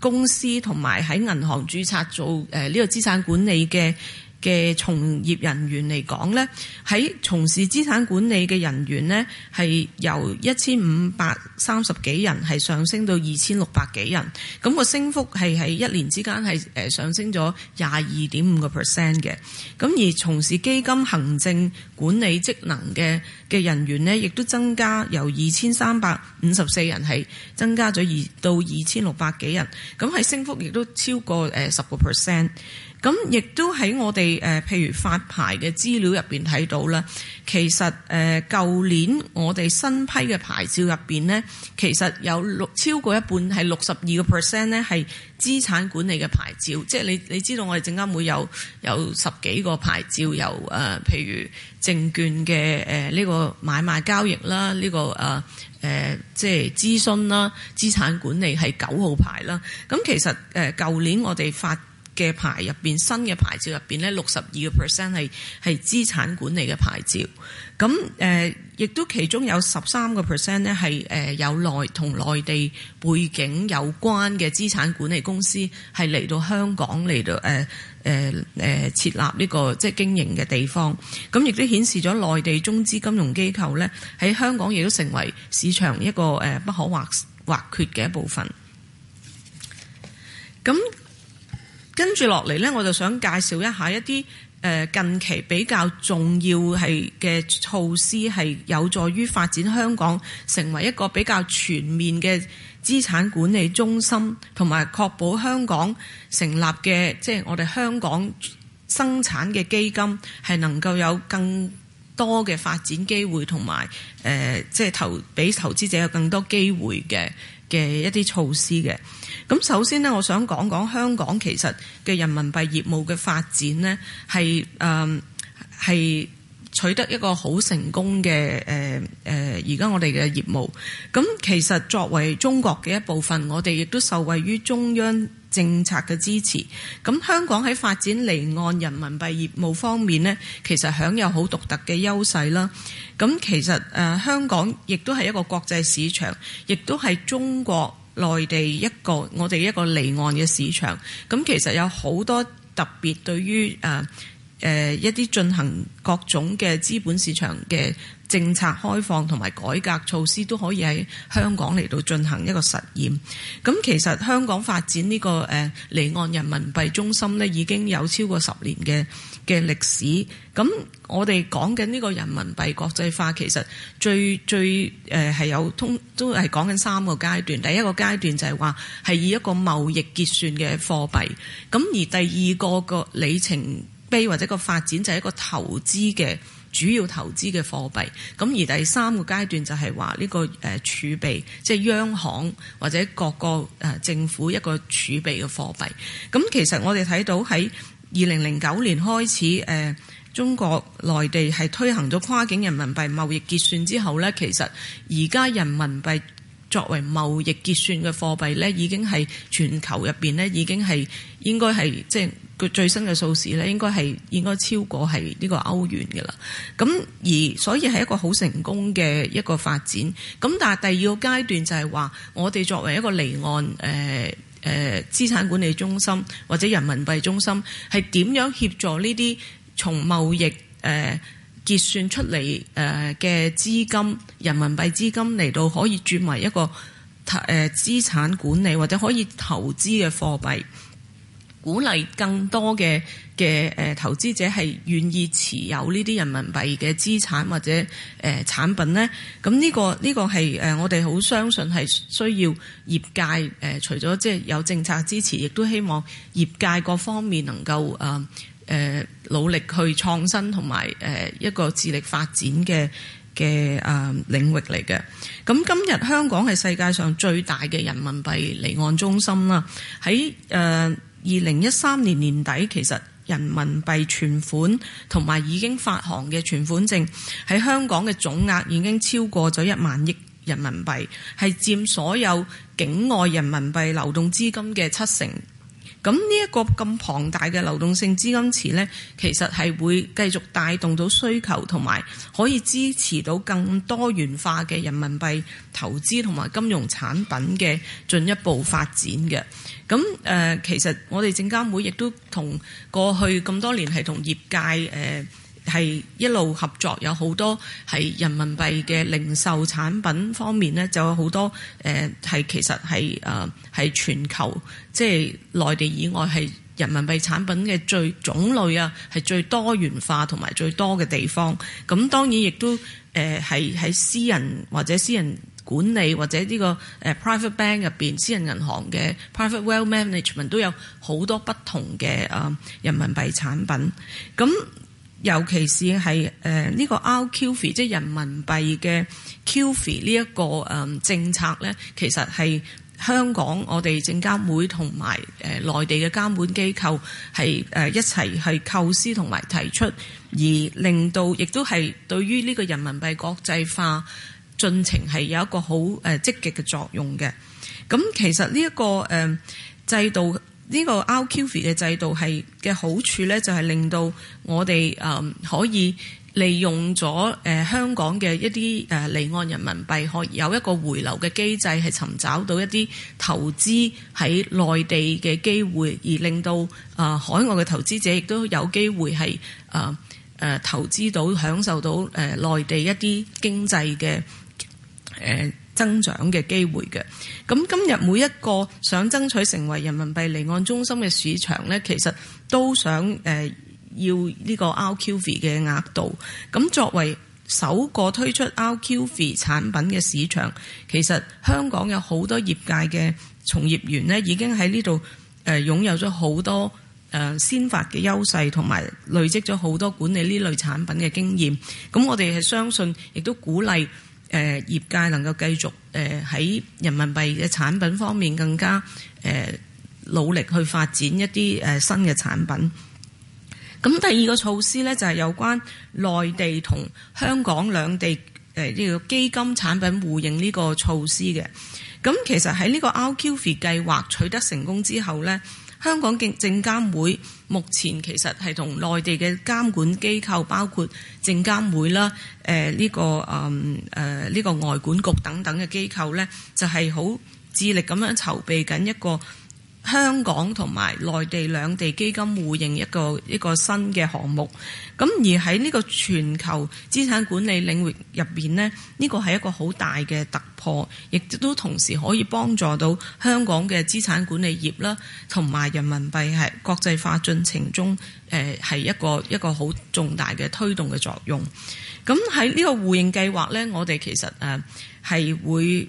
公司，同埋喺銀行註冊做呢個資產管理嘅嘅從業人員嚟講呢，喺從事資產管理嘅人員呢，係由一千五百三十幾人係上升到二千六百幾人，咁個升幅係喺一年之間係誒上升咗廿二點五個 percent 嘅。咁而從事基金行政管理職能嘅嘅人員呢，亦都增加由二千三百五十四人係增加咗二到二千六百幾人，咁係升幅亦都超過誒十個 percent。咁亦都喺我哋誒、呃，譬如發牌嘅資料入面睇到啦，其實誒舊、呃、年我哋新批嘅牌照入面呢，其實有六超過一半係六十二個 percent 咧，係資產管理嘅牌照，即係你你知道我哋陣間會有有十幾個牌照，有誒、呃、譬如證券嘅呢、呃呢個買賣交易啦，呢個誒即係諮詢啦，資產管理係九號牌啦。咁其實誒舊、呃、年我哋發嘅牌入邊，新嘅牌照入邊咧，六十二個 percent 係係資產管理嘅牌照，咁誒，亦、呃、都其中有十三個 percent 咧係誒有內同內地背景有關嘅資產管理公司係嚟到香港嚟到誒誒誒設立呢、這個即係經營嘅地方，咁亦都顯示咗內地中資金融機構咧喺香港亦都成為市場一個誒、呃、不可或或缺嘅一部分，咁。跟住落嚟呢，我就想介紹一下一啲誒近期比較重要係嘅措施，係有助於發展香港成為一個比較全面嘅資產管理中心，同埋確保香港成立嘅即係我哋香港生產嘅基金係能夠有更多嘅發展機會，同埋誒即係投俾投資者有更多機會嘅。嘅一啲措施嘅，咁首先呢，我想講講香港其實嘅人民幣業務嘅發展呢，係誒係取得一個好成功嘅誒誒，而家我哋嘅業務。咁其實作為中國嘅一部分，我哋亦都受惠於中央。政策嘅支持，咁香港喺發展離岸人民幣業務方面呢，其實享有好獨特嘅優勢啦。咁其實誒、呃、香港亦都係一個國際市場，亦都係中國內地一個我哋一個離岸嘅市場。咁其實有好多特別對於誒誒一啲進行各種嘅資本市場嘅。政策開放同埋改革措施都可以喺香港嚟到進行一個實驗。咁其實香港發展呢個誒離岸人民幣中心呢，已經有超過十年嘅嘅歷史。咁我哋講緊呢個人民幣國際化，其實最最誒係有通都係講緊三個階段。第一個階段就係話係以一個貿易結算嘅貨幣。咁而第二個個里程碑或者個發展就係一個投資嘅。主要投資嘅貨幣，咁而第三個階段就係話呢個誒儲備，即係央行或者各個誒政府一個儲備嘅貨幣。咁其實我哋睇到喺二零零九年開始，誒中國內地係推行咗跨境人民幣貿易結算之後呢，其實而家人民幣作為貿易結算嘅貨幣呢，已經係全球入邊呢，已經係應該係即係。佢最新嘅數字咧，應該係應該超過係呢個歐元嘅啦。咁而所以係一個好成功嘅一個發展。咁但係第二個階段就係話，我哋作為一個離岸誒誒、呃呃、資產管理中心或者人民幣中心，係點樣協助呢啲從貿易誒、呃、結算出嚟誒嘅資金、人民幣資金嚟到可以轉為一個誒、呃、資產管理或者可以投資嘅貨幣？鼓勵更多嘅嘅誒投資者係願意持有呢啲人民幣嘅資產或者誒、啊、產品咧，咁呢、呢個呢、呢個係誒、啊、我哋好相信係需要業界誒、啊、除咗即係有政策支持，亦都希望業界各方面能夠誒誒、啊啊、努力去創新同埋誒一個致力發展嘅嘅誒領域嚟嘅。咁今日香港係世界上最大嘅人民幣離岸中心啦，喺誒、啊二零一三年年底，其實人民幣存款同埋已經發行嘅存款證喺香港嘅總額已經超過咗一萬億人民幣，係佔所有境外人民幣流動資金嘅七成。咁呢一個咁龐大嘅流動性資金池呢，其實係會繼續帶動到需求，同埋可以支持到更多元化嘅人民幣投資同埋金融產品嘅進一步發展嘅。咁、呃、其實我哋證監會亦都同過去咁多年係同業界、呃係一路合作，有好多係人民幣嘅零售產品方面呢，就有好多誒係、呃、其實係誒、呃、全球即係內地以外係人民幣產品嘅最種類啊，係最多元化同埋最多嘅地方。咁當然亦都係喺、呃、私人或者私人管理或者呢、呢個、呃、private bank 入邊私人銀行嘅 private wealth management 都有好多不同嘅人民幣產品咁。尤其是係誒呢個 RQF 即係人民幣嘅 QF 呢一個誒政策咧，其實係香港我哋證監會同埋誒內地嘅監管機構係誒一齊去構思同埋提出，而令到亦都係對於呢個人民幣國際化進程係有一個好誒積極嘅作用嘅。咁其實呢一個誒制度。呢個 RQF 嘅制度係嘅好處咧，就係令到我哋誒可以利用咗誒香港嘅一啲誒離岸人民幣，可以有一個回流嘅機制，係尋找到一啲投資喺內地嘅機會，而令到啊海外嘅投資者亦都有機會係啊誒投資到享受到誒內地一啲經濟嘅誒。增長嘅機會嘅，咁今日每一個想爭取成為人民幣離岸中心嘅市場呢，其實都想要呢個 RQV 嘅額度。咁作為首個推出 RQV 產品嘅市場，其實香港有好多業界嘅從業員呢已經喺呢度誒擁有咗好多先發嘅優勢，同埋累積咗好多管理呢類產品嘅經驗。咁我哋係相信，亦都鼓勵。誒、呃、業界能夠繼續誒喺、呃、人民幣嘅產品方面更加誒、呃、努力去發展一啲、呃、新嘅產品。咁第二個措施呢，就係、是、有關內地同香港兩地呢、呃這個、基金產品互認呢個措施嘅。咁其實喺呢個 RQF 計劃取得成功之後呢，香港證證監會。目前其實係同內地嘅監管機構，包括證監會啦、誒、呃、呢、呢個嗯呃呢個外管局等等嘅機構呢，就係好致力咁樣籌備緊一個香港同埋內地兩地基金互認一個一個新嘅項目，咁而喺呢個全球資產管理領域入面，呢呢個係一個好大嘅突破，亦都同時可以幫助到香港嘅資產管理業啦，同埋人民幣係國際化進程中誒係一個一個好重大嘅推動嘅作用。咁喺呢個互認計劃呢，我哋其實係會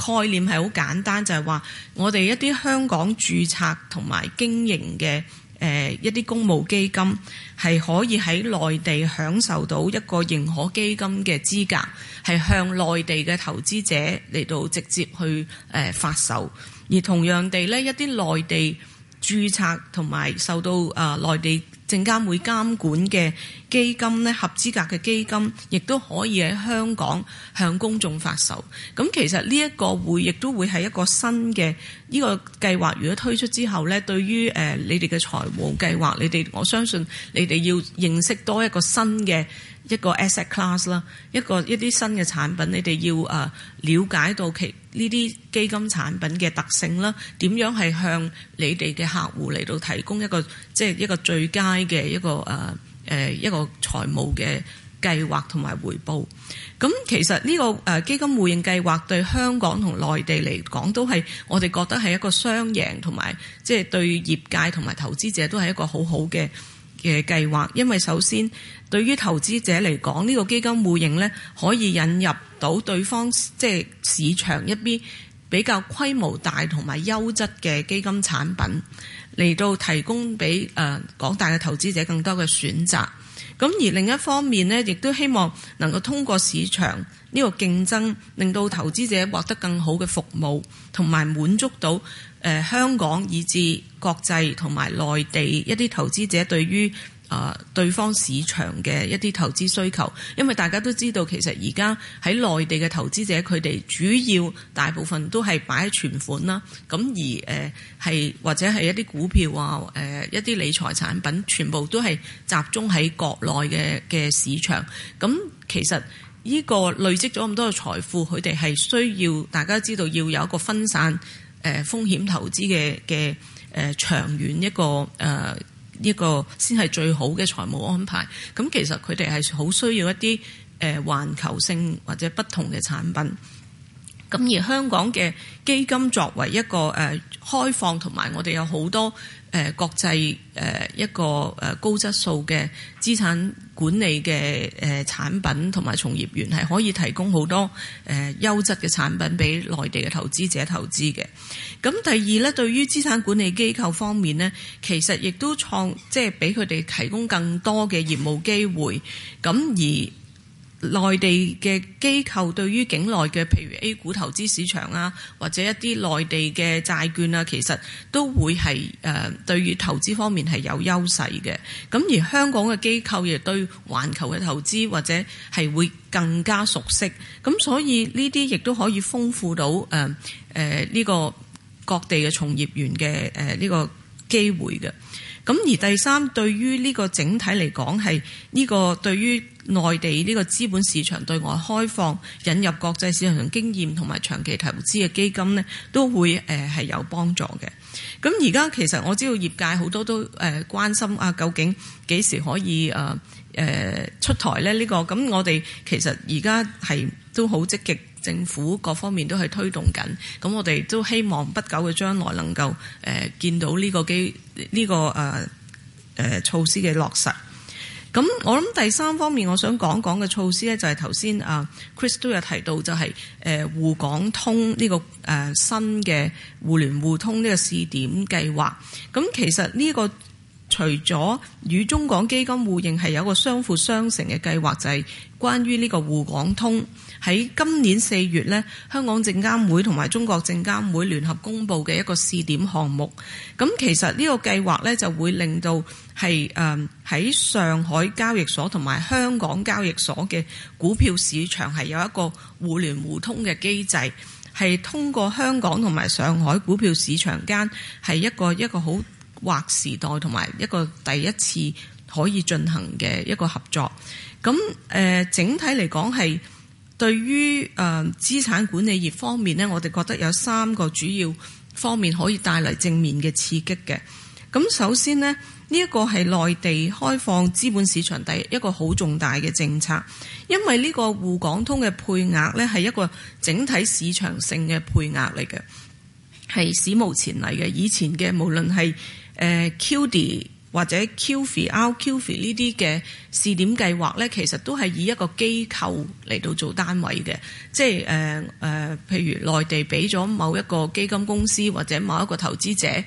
概念係好簡單，就係話我哋一啲香港註冊同埋經營嘅誒一啲公募基金，係可以喺內地享受到一個認可基金嘅資格，係向內地嘅投資者嚟到直接去誒發售，而同樣地呢一啲內地註冊同埋受到啊內地。證監會監管嘅基金咧，合資格嘅基金亦都可以喺香港向公眾發售。咁其實呢一個會亦都會係一個新嘅呢個計劃，如果推出之後咧，對於誒你哋嘅財務計劃，你哋我相信你哋要認識多一個新嘅。一個 asset class 啦，一個一啲新嘅產品，你哋要誒瞭、呃、解到其呢啲基金產品嘅特性啦，點樣係向你哋嘅客戶嚟到提供一個即係一個最佳嘅一個誒誒、呃呃、一個財務嘅計劃同埋回報。咁、嗯、其實呢、這個誒、呃、基金互認計劃對香港同內地嚟講都係我哋覺得係一個雙贏，同埋即係對業界同埋投資者都係一個很好好嘅。嘅計劃，因為首先對於投資者嚟講，呢個基金互認呢可以引入到對方即係市場一啲比較規模大同埋優質嘅基金產品，嚟到提供俾誒廣大嘅投資者更多嘅選擇。咁而另一方面呢，亦都希望能夠通過市場呢個競爭，令到投資者獲得更好嘅服務同埋滿足到。誒、呃、香港以至國際同埋內地一啲投資者對於啊、呃、對方市場嘅一啲投資需求，因為大家都知道，其實而家喺內地嘅投資者佢哋主要大部分都係擺喺存款啦。咁、啊、而誒係、呃、或者係一啲股票啊，呃、一啲理財產品，全部都係集中喺國內嘅嘅市場。咁、啊、其實呢個累積咗咁多嘅財富，佢哋係需要大家知道要有一個分散。誒風險投資嘅嘅誒長遠一個誒一個先係最好嘅財務安排。咁其實佢哋係好需要一啲誒環球性或者不同嘅產品。咁而香港嘅基金作為一個誒開放同埋我哋有好多誒國際誒一個誒高質素嘅資產管理嘅誒產品同埋從業員係可以提供好多誒優質嘅產品俾內地嘅投資者投資嘅。咁第二咧，對於資產管理機構方面呢，其實亦都創即係俾佢哋提供更多嘅業務機會。咁而內地嘅機構對於境內嘅，譬如 A 股投資市場啊，或者一啲內地嘅債券啊，其實都會係誒、呃、對於投資方面係有優勢嘅。咁而香港嘅機構亦對環球嘅投資或者係會更加熟悉。咁所以呢啲亦都可以豐富到誒誒呢個各地嘅從業員嘅誒呢個機會嘅。咁而第三，對於呢個整體嚟講係呢個對於，內地呢個資本市場對外開放，引入國際市場同經驗同埋長期投資嘅基金咧，都會誒係、呃、有幫助嘅。咁而家其實我知道業界好多都誒、呃、關心啊，究竟幾時可以誒誒、呃、出台咧？呢、這個咁我哋其實而家係都好積極，政府各方面都係推動緊。咁我哋都希望不久嘅將來能夠誒、呃、見到呢個機呢、這個誒誒、呃、措施嘅落實。咁我諗第三方面我想講講嘅措施咧，就係頭先啊 Chris 都有提到，就係滬港通呢個誒新嘅互聯互通呢個試點計劃。咁其實呢個除咗與中港基金互認係有個相輔相成嘅計劃，就係、是、關於呢個滬港通喺今年四月呢，香港證監會同埋中國證監會聯合公布嘅一個試點項目。咁其實呢個計劃呢，就會令到係誒喺上海交易所同埋香港交易所嘅股票市場係有一個互聯互通嘅機制，係通過香港同埋上海股票市場間係一個一個好劃時代同埋一個第一次可以進行嘅一個合作，咁誒、呃、整體嚟講係對於誒、呃、資產管理業方面呢我哋覺得有三個主要方面可以帶嚟正面嘅刺激嘅。咁首先呢，呢、這、一個係內地開放資本市場第一,一個好重大嘅政策，因為呢個滬港通嘅配額呢係一個整體市場性嘅配額嚟嘅，係史無前例嘅。以前嘅無論係誒、呃、QD 或者 QF、RQF 呢啲嘅試點計劃咧，其實都係以一個機構嚟到做單位嘅，即係誒誒，譬如內地俾咗某一個基金公司或者某一個投資者。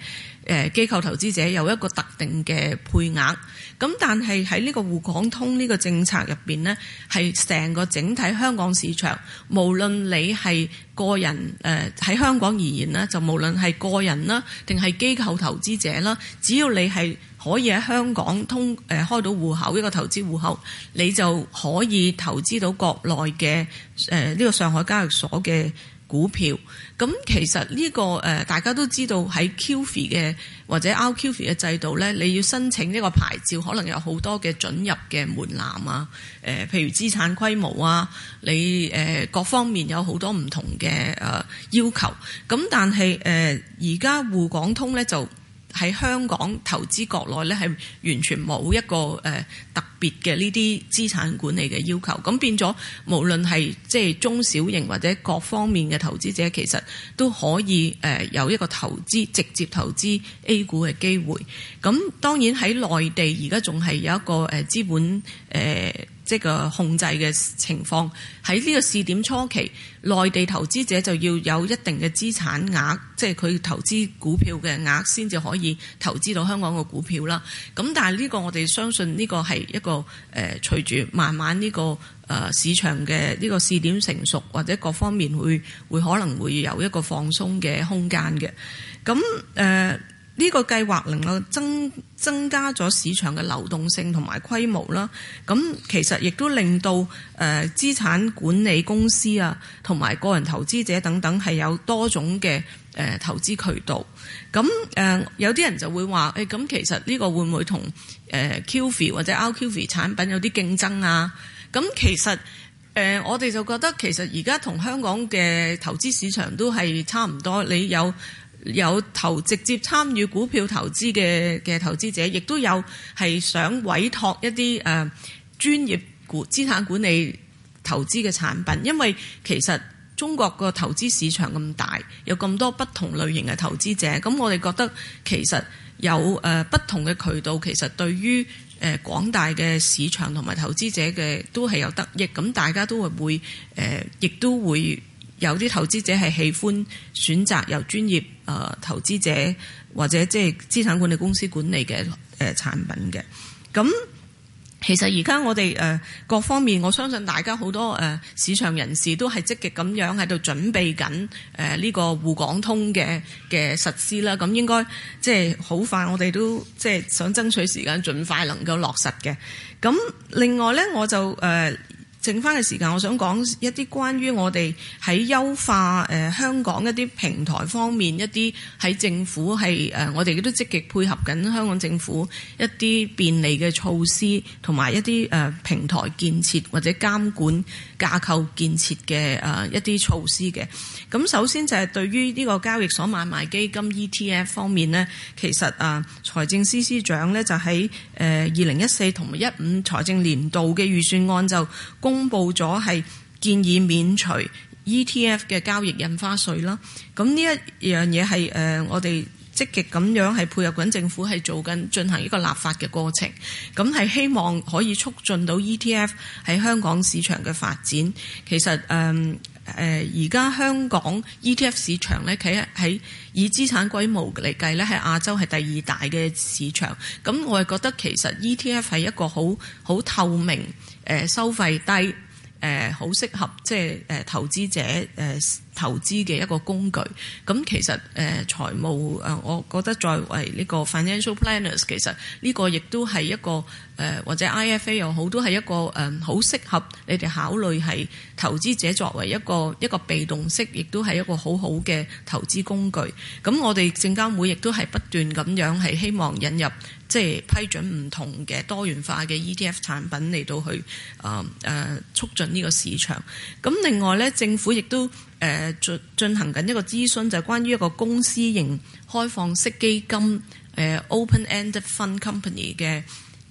誒，機構投資者有一個特定嘅配額，咁但係喺呢個滬港通呢個政策入邊呢，係成個整體香港市場，無論你係個人，誒喺香港而言呢，就無論係個人啦，定係機構投資者啦，只要你係可以喺香港通誒開到戶口一個投資戶口，你就可以投資到國內嘅誒呢個上海交易所嘅股票咁，其實呢、這個誒、呃，大家都知道喺 QFII 嘅或者 RQFII 嘅制度呢，你要申請呢個牌照，可能有好多嘅准入嘅門檻啊，誒、呃，譬如資產規模啊，你誒、呃、各方面有好多唔同嘅誒、呃、要求。咁但係誒，而家滬港通呢就，喺香港投資國內咧，係完全冇一個特別嘅呢啲資產管理嘅要求。咁變咗，無論係即係中小型或者各方面嘅投資者，其實都可以有一個投資直接投資 A 股嘅機會。咁當然喺內地而家仲係有一個誒資本、呃即個控制嘅情況，喺呢個試點初期，內地投資者就要有一定嘅資產額，即係佢投資股票嘅額先至可以投資到香港嘅股票啦。咁但係呢個我哋相信呢個係一個誒隨住慢慢呢個誒呃市場嘅呢個試點成熟或者各方面會會可能會有一個放鬆嘅空間嘅。咁誒。呃呢個計劃能夠增增加咗市場嘅流動性同埋規模啦，咁其實亦都令到誒資產管理公司啊，同埋個人投資者等等係有多種嘅誒投資渠道。咁、嗯、誒有啲人就會話：誒、哎、咁其實呢個會唔會同誒 QF 或者 RQV 產品有啲競爭啊？咁其實誒、呃、我哋就覺得其實而家同香港嘅投資市場都係差唔多，你有。有投直接參與股票投資嘅嘅投資者，亦都有係想委託一啲誒專業股資產管理投資嘅產品。因為其實中國個投資市場咁大，有咁多不同類型嘅投資者，咁我哋覺得其實有誒不同嘅渠道，其實對於誒廣大嘅市場同埋投資者嘅都係有得益。咁大家都會會誒，亦都會。有啲投資者係喜歡選擇由專業誒投資者或者即係資產管理公司管理嘅誒產品嘅。咁其實而家我哋誒各方面，我相信大家好多誒市場人士都係積極咁樣喺度準備緊誒呢個滬港通嘅嘅實施啦。咁應該即係好快，我哋都即係想爭取時間，儘快能夠落實嘅。咁另外咧，我就誒、呃。剩翻嘅時間，我想講一啲關於我哋喺優化香港一啲平台方面一啲喺政府係我哋亦都積極配合緊香港政府一啲便利嘅措施，同埋一啲平台建設或者監管架構建設嘅誒一啲措施嘅，咁首先就係對於呢個交易所買賣基金 ETF 方面呢，其實誒財政司司長呢就喺誒二零一四同埋一五財政年度嘅預算案就公布咗係建議免除 ETF 嘅交易印花稅啦。咁呢一樣嘢係誒我哋。積極咁樣係配合緊政府係做緊進行一個立法嘅過程，咁係希望可以促進到 ETF 喺香港市場嘅發展。其實誒誒，而、呃、家、呃、香港 ETF 市場咧，喺喺以資產規模嚟計咧，喺亞洲係第二大嘅市場。咁我係覺得其實 ETF 係一個好好透明、誒、呃、收費低。誒好、嗯、適合即係投資者投資嘅一個工具。咁其實誒、嗯、財務誒，我覺得作為呢個 financial planners，其實呢個亦都係一個誒或者 IFA 又好，都係一個誒好、嗯、適合你哋考慮係投資者作為一個一個被動式，亦都係一個好好嘅投資工具。咁我哋證監會亦都係不斷咁樣係希望引入。即係批准唔同嘅多元化嘅 ETF 產品嚟到去誒誒促進呢個市場。咁另外咧，政府亦都誒進進行緊一個諮詢，就係、是、關於一個公司型開放式基金誒、呃、Open Ended Fund Company 嘅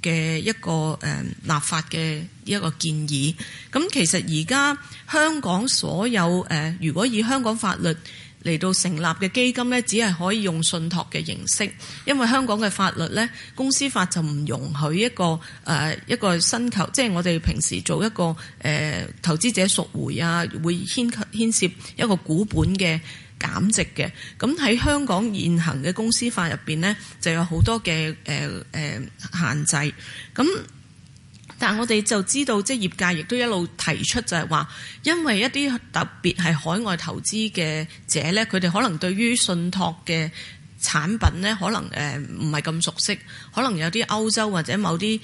嘅一個誒、呃、立法嘅一個建議。咁、嗯、其實而家香港所有誒、呃，如果以香港法律。嚟到成立嘅基金呢，只係可以用信託嘅形式，因為香港嘅法律呢，公司法就唔容許一個誒、呃、一個申購，即係我哋平時做一個誒、呃、投資者贖回啊，會牽牽涉一個股本嘅減值嘅。咁喺香港現行嘅公司法入邊呢，就有好多嘅誒誒限制。咁但我哋就知道，即係業界亦都一路提出就係話，因為一啲特別係海外投資嘅者咧，佢哋可能對於信託嘅產品咧，可能誒唔係咁熟悉，可能有啲歐洲或者某啲。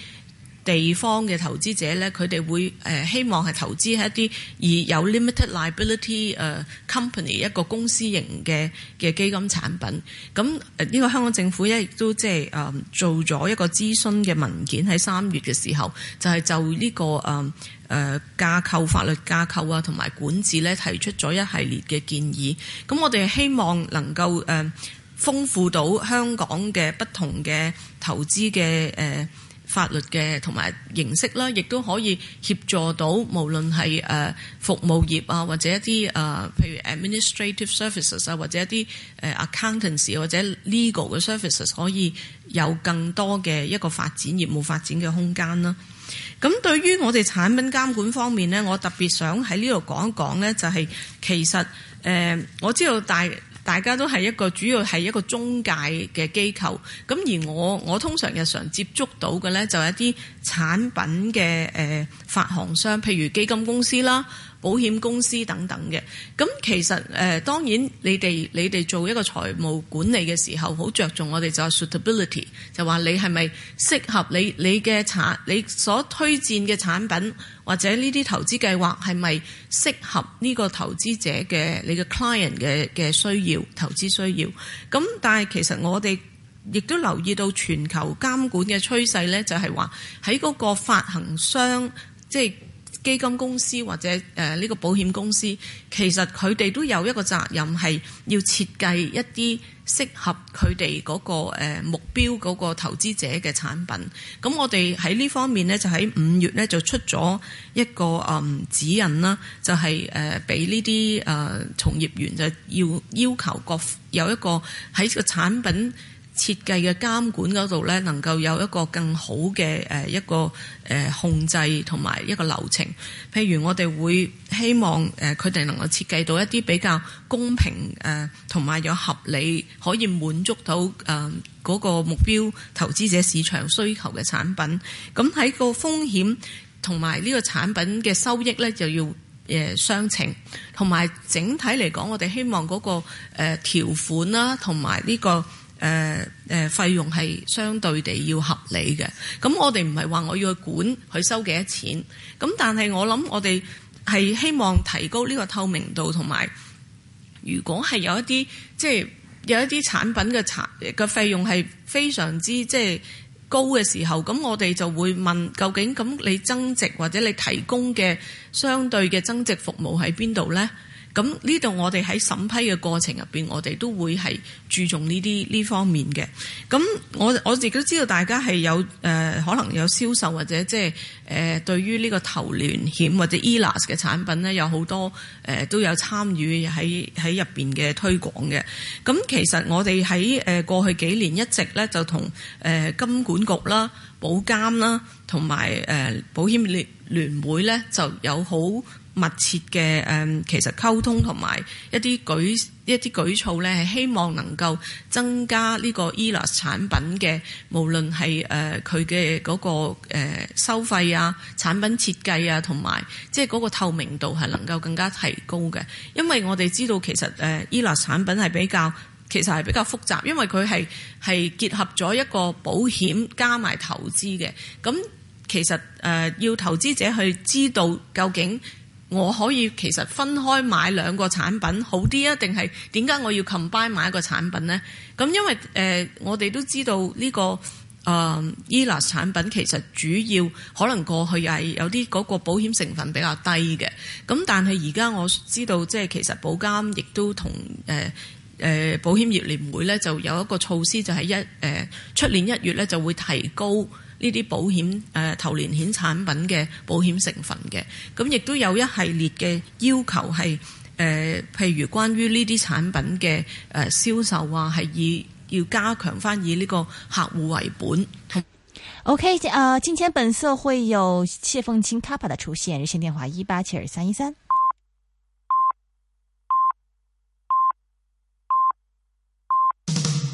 地方嘅投資者呢，佢哋會誒、呃、希望係投資喺一啲以有 limited liability 誒 company 一個公司型嘅嘅基金產品。咁呢、呃呢個香港政府呢、就是，亦都即係誒做咗一個諮詢嘅文件喺三月嘅時候，就係、是、就呢、呢個誒誒、呃、架構法律架構啊，同埋管治呢，提出咗一系列嘅建議。咁我哋係希望能夠誒、呃、豐富到香港嘅不同嘅投資嘅誒。呃法律嘅同埋形式啦，亦都可以協助到無論係、呃、服務業啊，或者一啲誒、呃、譬如 administrative services 啊，或者一啲、呃、accountants 或者 legal 嘅 services，可以有更多嘅一個發展業務發展嘅空間啦。咁對於我哋產品監管方面咧，我特別想喺呢度講一講咧、就係，就係其實、呃、我知道大。大家都係一個主要係一個中介嘅機構，咁而我我通常日常接觸到嘅咧就係一啲產品嘅誒發行商，譬如基金公司啦。保險公司等等嘅，咁其實誒、呃、當然你哋你哋做一個財務管理嘅時候，好着重我哋就係 suitability，就話你係咪適合你你嘅產，你所推薦嘅產品或者呢啲投資計劃係咪適合呢個投資者嘅你嘅 client 嘅嘅需要投資需要？咁但係其實我哋亦都留意到全球監管嘅趨勢呢，就係話喺嗰個發行商即係。即係基金公司或者誒呢、呃呢個保險公司，其實佢哋都有一個責任係要設計一啲適合佢哋嗰個、呃、目標嗰個投資者嘅產品。咁我哋喺呢方面呢，就喺五月呢就出咗一個誒、嗯、指引啦，就係誒俾呢啲誒從業員就要要求各有一個喺個產品。設計嘅監管嗰度呢，能夠有一個更好嘅誒一個誒控制同埋一個流程。譬如我哋會希望誒佢哋能夠設計到一啲比較公平誒同埋有合理可以滿足到誒嗰個目標投資者市場需求嘅產品。咁喺個風險同埋呢個產品嘅收益呢，就要誒相稱。同埋整體嚟講，我哋希望嗰個誒條款啦，同埋呢個。誒誒、呃呃，費用係相對地要合理嘅。咁我哋唔係話我要去管佢收幾多錢。咁但係我諗我哋係希望提高呢個透明度，同埋如果係有一啲即係有一啲產品嘅產嘅費用係非常之即係、就是、高嘅時候，咁我哋就會問究竟咁你增值或者你提供嘅相對嘅增值服務喺邊度咧？咁呢度我哋喺審批嘅過程入邊，我哋都會係注重呢啲呢方面嘅。咁我我自己都知道，大家係有、呃、可能有銷售或者即係誒對於呢個投聯險或者 ELAS 嘅產品咧，有好多、呃、都有參與喺喺入邊嘅推廣嘅。咁其實我哋喺、呃、過去幾年一直咧就同、呃、金管局啦、保監啦同埋、呃、保險聯聯會咧就有好密切嘅誒、嗯，其實溝通同埋一啲舉一啲舉措咧，係希望能夠增加呢個 ILAS 產品嘅，無論係誒佢嘅嗰個、呃、收費啊、產品設計啊，同埋即係嗰個透明度係能夠更加提高嘅。因為我哋知道其實誒 ILAS 產品係比較其實係比較複雜，因為佢係係結合咗一個保險加埋投資嘅。咁其實誒、呃、要投資者去知道究竟。我可以其實分開買兩個產品好啲啊，定係點解我要 combine 買一個產品呢？咁因為誒、呃，我哋都知道呢、呢個誒、呃、ELAS 產品其實主要可能過去係有啲嗰個保險成分比較低嘅。咁但係而家我知道即係其實保監亦都同誒誒保險業聯會呢，就有一個措施就係一，就係一誒出年一月呢就會提高。呢啲保險誒、呃、投連險產品嘅保險成分嘅，咁亦都有一系列嘅要求係誒、呃，譬如關於呢啲產品嘅誒、呃、銷售啊，係以要加強翻以呢個客戶為本。OK，誒，今天本色會有謝鳳清 Kappa 的出現，熱線電話一八七二三一三。